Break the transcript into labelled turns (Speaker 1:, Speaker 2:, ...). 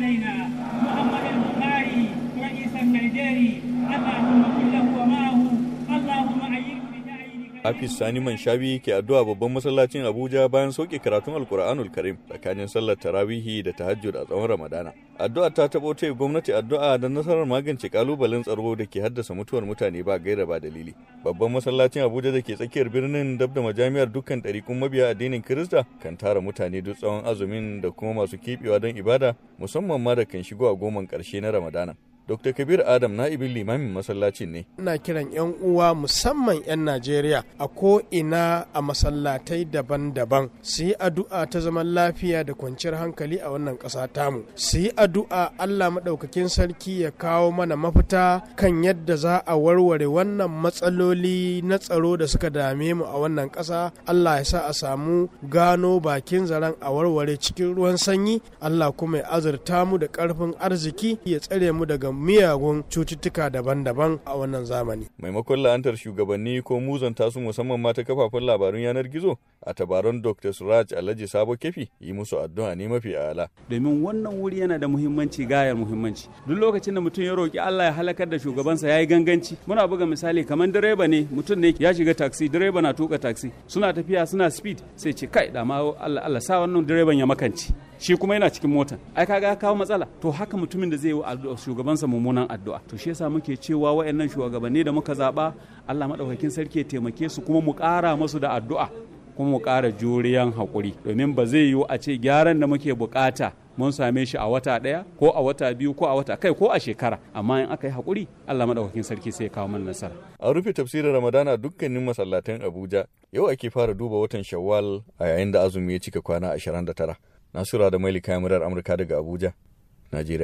Speaker 1: Marina.
Speaker 2: Hafiz Sani Manshabi ke addu'a babban masallacin Abuja bayan sauke karatun Alkur'anul Karim tsakanin sallar tarawihi da tahajjud a tsawon Ramadana. Addu'a ta tabo ta gwamnati addu'a da nasarar magance kalubalen tsaro da ke haddasa mutuwar mutane ba gaira ba dalili. Babban masallacin Abuja da ke tsakiyar birnin dabda da majami'ar dukkan ɗarikun mabiya addinin Kirista kan tara mutane duk tsawon azumin da kuma masu kiɓewa don ibada musamman ma da kan shigo a goman ƙarshe na Ramadana. Dr. Kabir Adam na'ibin limamin masallaci ne.
Speaker 3: Ina kiran 'yan uwa musamman 'yan Najeriya a ko'ina a masallatai daban-daban su yi addu'a ta zaman lafiya da kwanciyar hankali a wannan ƙasa tamu. Su yi addu'a Allah maɗaukakin sarki ya kawo mana mafita kan yadda za a warware wannan matsaloli na tsaro da suka dame mu a wannan ƙasa. Allah ya sa a samu gano bakin zaren a warware cikin ruwan sanyi. Allah kuma ya azurta mu da ƙarfin arziki ya tsare mu daga miyagun cututtuka daban-daban a wannan zamani.
Speaker 2: Maimakon la'antar shugabanni ko muzan tasu musamman ma ta kafafen labarun yanar gizo a tabaron Dr. Suraj Alhaji Sabo Kefi yi musu addu'a ne mafi ala. Domin wannan wuri yana da muhimmanci gayar muhimmanci. Duk lokacin da
Speaker 1: mutum ya roki Allah ya halakar da shugabansa ya yi ganganci. Muna buga misali kamar direba ne mutum ne ya shiga taksi direba na tuka taksi suna tafiya suna speed sai ce kai da ma Allah Allah sa wannan direban ya makanci. shi kuma yana cikin motan ai kaga ya kawo matsala to haka mutumin da zai yi shugabansa mummunan addu'a to shi yasa muke cewa wayannan shugabanni da muka zaba Allah madaukakin sarki ya taimake su kuma mu ƙara masu da addu'a kuma mu ƙara juriyan haƙuri domin ba zai yiwu a ce gyaran da muke buƙata mun same shi a wata ɗaya ko a wata biyu ko a wata kai ko a shekara
Speaker 2: amma in aka yi haƙuri Allah madaukakin sarki sai ya kawo mana nasara. A rufe tafsirin Ramadana dukkanin masallatan Abuja yau ake fara duba watan Shawwal a yayin da azumi ya cika kwana 29. Nasura da Mailika murar Amurka daga Abuja, Najeriya.